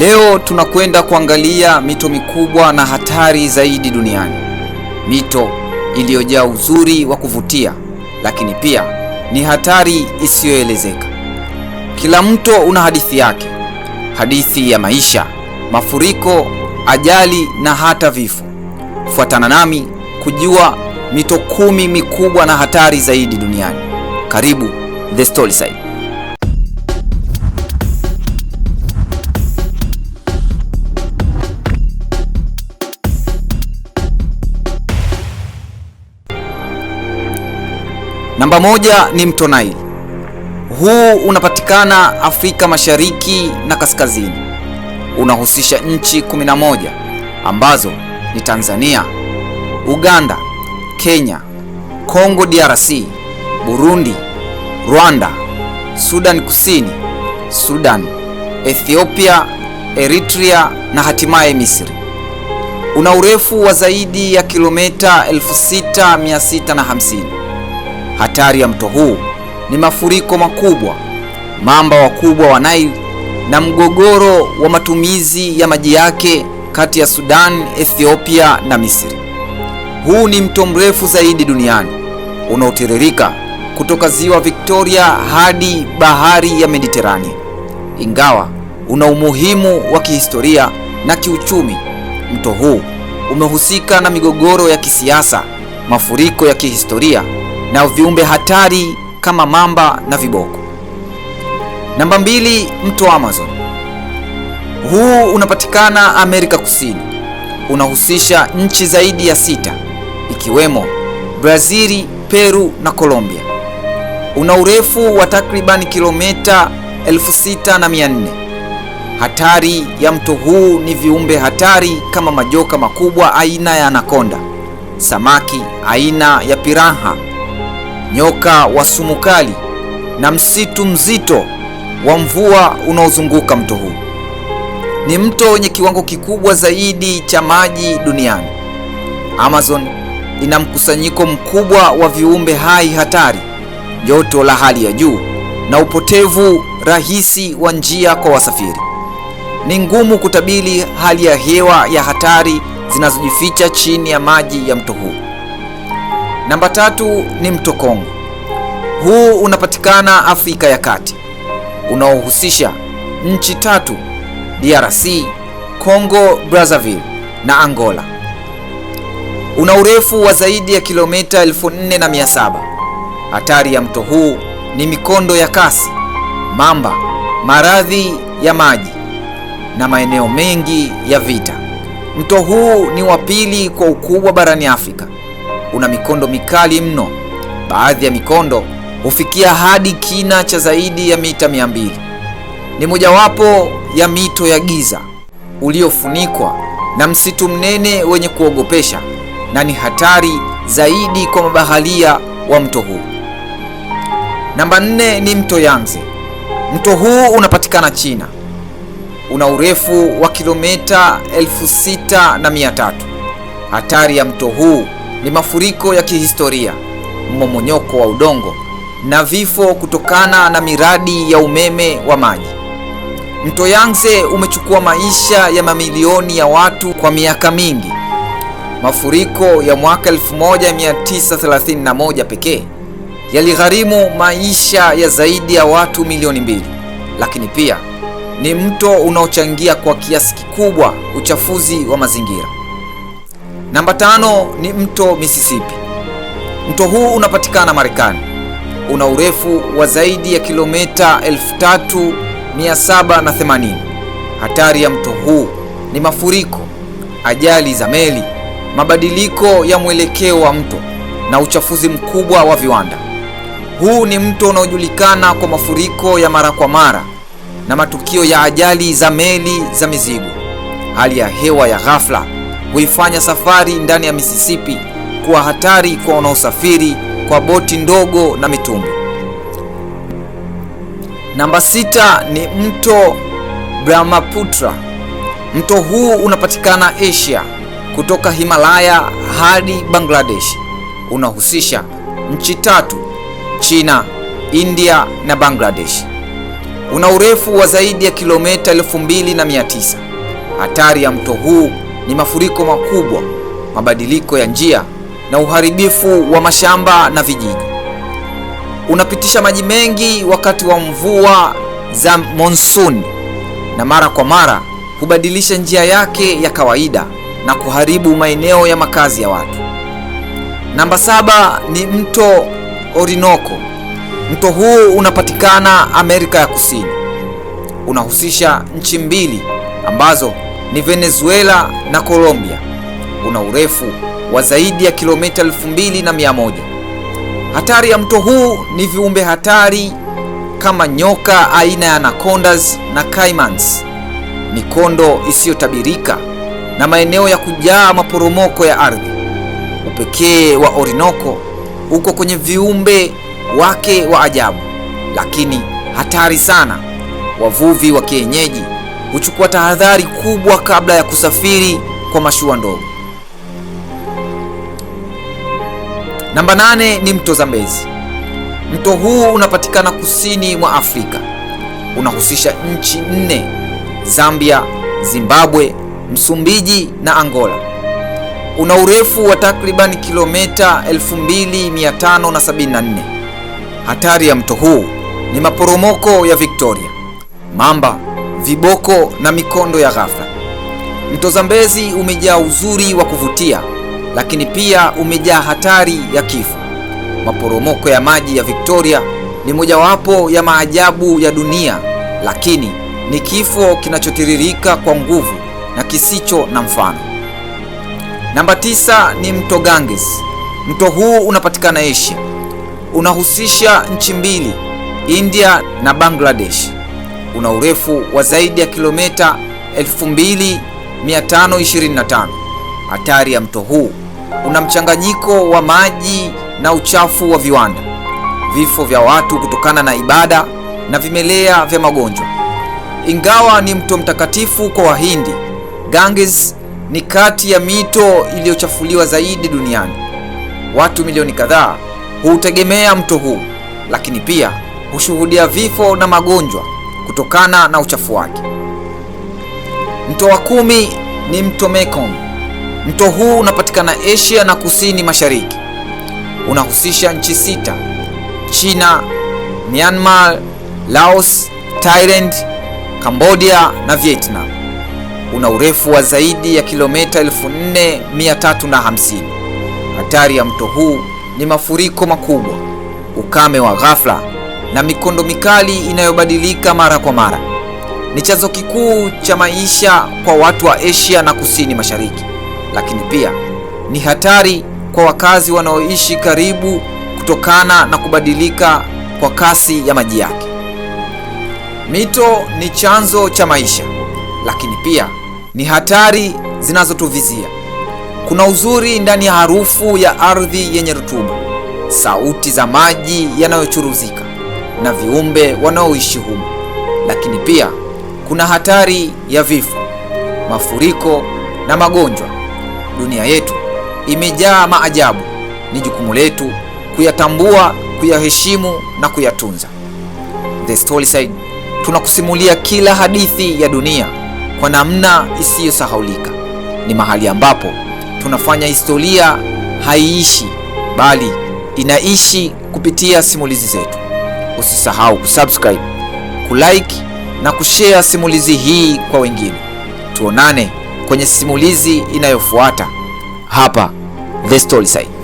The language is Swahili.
Leo tunakwenda kuangalia mito mikubwa na hatari zaidi duniani, mito iliyojaa uzuri wa kuvutia, lakini pia ni hatari isiyoelezeka. Kila mto una hadithi yake, hadithi ya maisha, mafuriko, ajali na hata vifo. Fuatana nami kujua mito kumi mikubwa na hatari zaidi duniani. Karibu The Storyside. Namba moja ni mto Nile. Huu unapatikana Afrika Mashariki na Kaskazini. Unahusisha nchi 11 ambazo ni Tanzania, Uganda, Kenya, Kongo DRC, Burundi, Rwanda, Sudan Kusini, Sudan, Ethiopia, Eritrea na hatimaye Misri. Una urefu wa zaidi ya kilomita 6650 Hatari ya mto huu ni mafuriko makubwa, mamba wakubwa wa Nile na mgogoro wa matumizi ya maji yake kati ya Sudan, Ethiopia na Misri. Huu ni mto mrefu zaidi duniani unaotiririka kutoka ziwa Victoria hadi bahari ya Mediterania. Ingawa una umuhimu wa kihistoria na kiuchumi, mto huu umehusika na migogoro ya kisiasa, mafuriko ya kihistoria na viumbe hatari kama mamba na viboko. Namba mbili, mto Amazon. Huu unapatikana Amerika Kusini, unahusisha nchi zaidi ya sita ikiwemo Brazili, Peru na Colombia. Una urefu wa takribani kilomita 6400. Hatari ya mto huu ni viumbe hatari kama majoka makubwa aina ya anakonda, samaki aina ya piraha nyoka wa sumu kali na msitu mzito wa mvua unaozunguka mto huu. Ni mto wenye kiwango kikubwa zaidi cha maji duniani. Amazon ina mkusanyiko mkubwa wa viumbe hai hatari, joto la hali ya juu na upotevu rahisi wa njia kwa wasafiri. Ni ngumu kutabiri hali ya hewa ya hatari zinazojificha chini ya maji ya mto huu. Namba tatu ni mto Kongo. Huu unapatikana Afrika ya Kati, unaohusisha nchi tatu: DRC, Congo Brazzaville na Angola. Una urefu wa zaidi ya kilomita 4700. Hatari ya mto huu ni mikondo ya kasi, mamba, maradhi ya maji na maeneo mengi ya vita. Mto huu ni wa pili kwa ukubwa barani Afrika una mikondo mikali mno. Baadhi ya mikondo hufikia hadi kina cha zaidi ya mita mia mbili. Ni mojawapo ya mito ya giza uliofunikwa na msitu mnene wenye kuogopesha na ni hatari zaidi kwa mabaharia wa mto huu. Namba nne ni mto Yangtze. Mto huu unapatikana China, una urefu wa kilomita elfu sita na mia tatu. Hatari ya mto huu ni mafuriko ya kihistoria, mmomonyoko wa udongo na vifo kutokana na miradi ya umeme wa maji. Mto Yangtze umechukua maisha ya mamilioni ya watu kwa miaka mingi. Mafuriko ya mwaka 1931 pekee yaligharimu maisha ya zaidi ya watu milioni mbili, lakini pia ni mto unaochangia kwa kiasi kikubwa uchafuzi wa mazingira. Namba tano ni mto Mississippi. Mto huu unapatikana Marekani, una urefu wa zaidi ya kilomita 3780. Hatari ya mto huu ni mafuriko, ajali za meli, mabadiliko ya mwelekeo wa mto na uchafuzi mkubwa wa viwanda. Huu ni mto unaojulikana kwa mafuriko ya mara kwa mara na matukio ya ajali za meli za mizigo. Hali ya hewa ya ghafla huifanya safari ndani ya Mississippi kuwa hatari kwa wanaosafiri kwa boti ndogo na mitumbu. Namba sita ni mto Brahmaputra. Mto huu unapatikana Asia kutoka Himalaya hadi Bangladesh. Unahusisha nchi tatu, China, India na Bangladesh. Una urefu wa zaidi ya kilomita 2900. Hatari ya mto huu ni mafuriko makubwa, mabadiliko ya njia na uharibifu wa mashamba na vijiji. Unapitisha maji mengi wakati wa mvua za monsuni, na mara kwa mara hubadilisha njia yake ya kawaida na kuharibu maeneo ya makazi ya watu. Namba saba ni mto Orinoco. Mto huu unapatikana Amerika ya Kusini. Unahusisha nchi mbili ambazo ni Venezuela na Colombia una urefu wa zaidi ya kilomita moja. Hatari ya mto huu ni viumbe hatari kama nyoka aina ya anacondas na caimans, mikondo isiyotabirika na maeneo ya kujaa maporomoko ya ardhi. Upekee wa Orinoco uko kwenye viumbe wake wa ajabu, lakini hatari sana. Wavuvi wa kienyeji huchukua tahadhari kubwa kabla ya kusafiri kwa mashua ndogo. Namba nane ni mto Zambezi. Mto huu unapatikana kusini mwa Afrika, unahusisha nchi nne: Zambia, Zimbabwe, Msumbiji na Angola. Una urefu wa takribani kilomita 2574. Hatari ya mto huu ni maporomoko ya Victoria, mamba viboko na mikondo ya ghafla. Mto Zambezi umejaa uzuri wa kuvutia, lakini pia umejaa hatari ya kifo. Maporomoko ya maji ya Victoria ni mojawapo ya maajabu ya dunia, lakini ni kifo kinachotiririka kwa nguvu na kisicho na mfano. Namba tisa ni mto Ganges. Mto huu unapatikana Asia, unahusisha nchi mbili, India na Bangladesh una urefu wa zaidi ya kilomita 2525. Hatari ya mto huu una mchanganyiko wa maji na uchafu wa viwanda, vifo vya watu kutokana na ibada na vimelea vya magonjwa. Ingawa ni mto mtakatifu kwa Wahindi, Ganges ni kati ya mito iliyochafuliwa zaidi duniani. Watu milioni kadhaa huutegemea mto huu, lakini pia hushuhudia vifo na magonjwa kutokana na uchafu wake. Mto wa kumi ni mto Mekong. Mto huu unapatikana Asia na kusini mashariki, unahusisha nchi sita: China, Myanmar, Laos, Thailand, Cambodia na Vietnam. Una urefu wa zaidi ya kilomita 4350. Hatari ya mto huu ni mafuriko makubwa, ukame wa ghafla na mikondo mikali inayobadilika mara kwa mara. Ni chanzo kikuu cha maisha kwa watu wa Asia na Kusini Mashariki, lakini pia ni hatari kwa wakazi wanaoishi karibu kutokana na kubadilika kwa kasi ya maji yake. Mito ni chanzo cha maisha, lakini pia ni hatari zinazotuvizia. Kuna uzuri ndani ya harufu ya ardhi yenye rutuba, sauti za maji yanayochuruzika na viumbe wanaoishi humo, lakini pia kuna hatari ya vifo, mafuriko na magonjwa. Dunia yetu imejaa maajabu. Ni jukumu letu kuyatambua, kuyaheshimu na kuyatunza. The Storyside tunakusimulia kila hadithi ya dunia kwa namna isiyosahaulika. Ni mahali ambapo tunafanya historia haiishi, bali inaishi kupitia simulizi zetu. Usisahau kusubscribe, kulike na kushare simulizi hii kwa wengine. Tuonane kwenye simulizi inayofuata hapa The Storyside.